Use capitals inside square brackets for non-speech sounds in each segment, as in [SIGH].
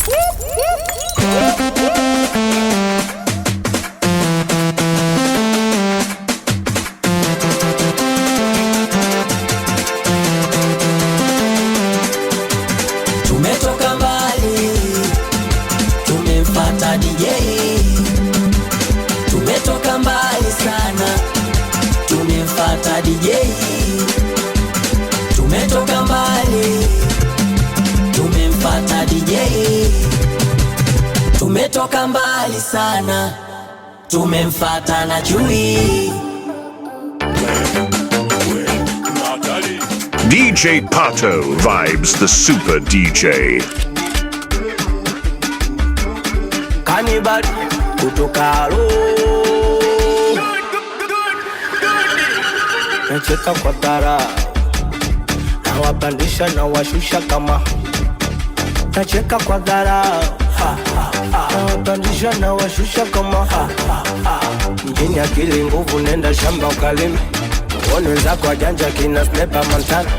Tumetoka mbali, tumemfata tumetoka mbali sana, tumemfata kutoka mbali sana, tumemfata na jui DJ Pato vibes the super DJ. Kanibad kutoka Roo. Nacheka kwa tara, nawapandisha na washusha kama, nacheka kwa tara nawapandisha na washusha kama mjini. Akili nguvu, nenda shamba ukalime, uone wenzako wajanja kina snepa mantana,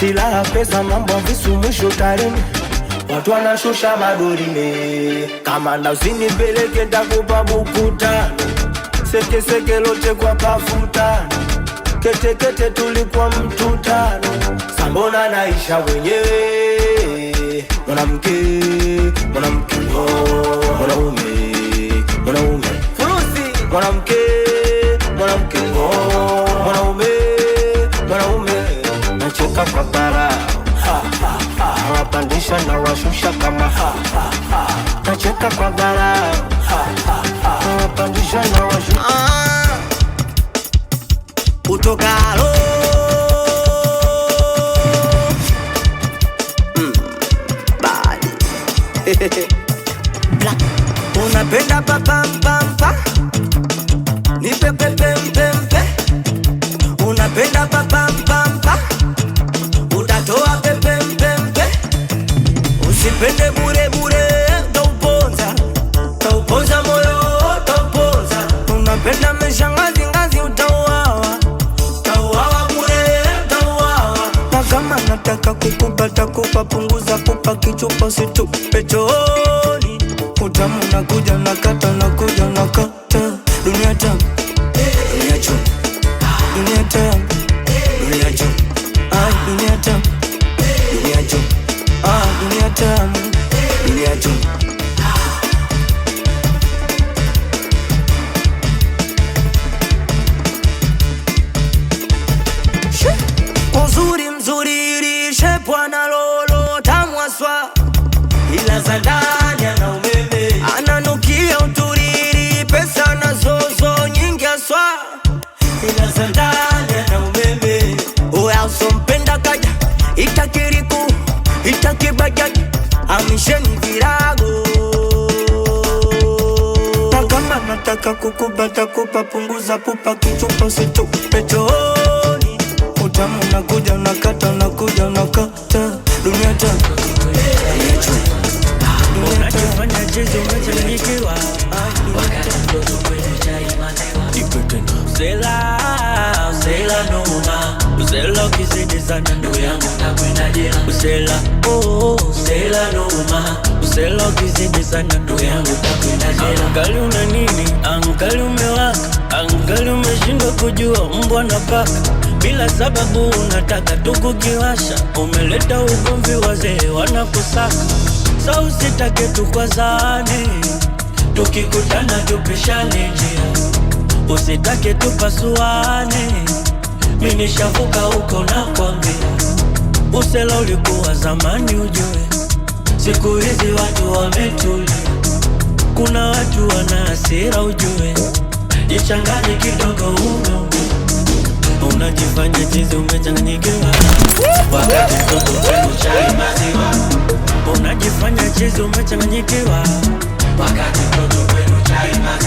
silaha pesa, mambo ya visu, mwisho utarime. Watu wanashusha madorime, kama na usinipeleke nitakupa bukuta, sekeseke lote kwa pafuta Ketekete kete tulikuwa mtu tano, sambona naisha wenyewe, mwanamke mwanamke mwanaume, mwanaume, furusi, mwanamke, mwanamke, mwanaume, mwanaume, nachoka kwa bara, nawapandisha na washusha kama, nachoka kwa bara, nawapandisha na washusha ah. utokalo mm, [LAUGHS] Unapenda papampampa nipepepempempe, unapenda papampampa utatoa pepempempe, usipende burebure, tauponza tauponza moyo tauponza, unapenda mesha ngazingazi, utauawa tauawa bure tauawa, na kama nataka kukupa takupa, punguza kupa kichupa, situpe chooni hapo tamu nakuja nakata nakuja nakata dunia tamu dunia dunia dunia dunia dunia dunia dunia uzuri mzuri irishe lolo tamwaswa ila Nataka kukubata kupa punguza pupa kichupa usitupe chooni Utamu unakuja unakata unakuja unakata dunia ta Unachofanya chezo umechangikiwa Wakati ah, mdogo Usela ukizidi sana ndugu yangu nakwendaje? Usela oh, oh usela noma. Usela ukizidi sana ndugu yangu nakwendaje? Angali una nini? Angali umewaka? Angali umeshindwa kujua mbwa na paka bila sababu unataka tukukiwasha, umeleta ugomvi, wazee wanakusaka. Sa usitake tukwazane, tukikutana tupishane njia, usitake tupasuane mimi nishavuka huko na kwambia, usela ulikuwa zamani, ujue siku hizi watu wametuli kuna watu wanaasira hasira, ujue jichanganye kidogo uno unajifanya chizi umechanganyikiwa, wakati mtoto wenu chai maziwa. Unajifanya chizi umechanganyikiwa, wakati mtoto wenu chai maziwa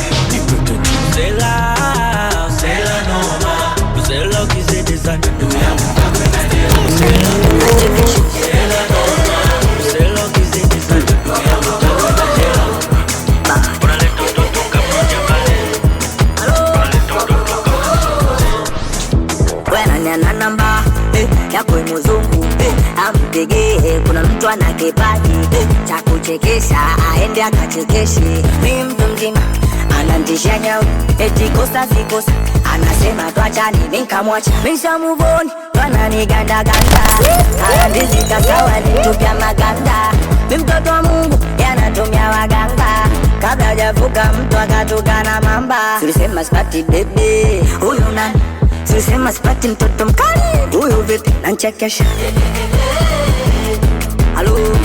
muzungu mzungu eh, ampigie, eh, kuna mtu ana kipaji eh, cha kuchekesha, aende akachekeshe. Mi mzima anandisha nyau, etikosa kosa sikosa, anasema twachani, nikamwacha misha muvoni, wananigandaganda anandizikakawanitupya maganda. Mi mtoto wa Mungu yanatumia waganga kabla javuka mtu akatukana mamba, tulisema spati bebe huyu nani Zusema spatin totom kan Huyu vipi nanchekesha Hello.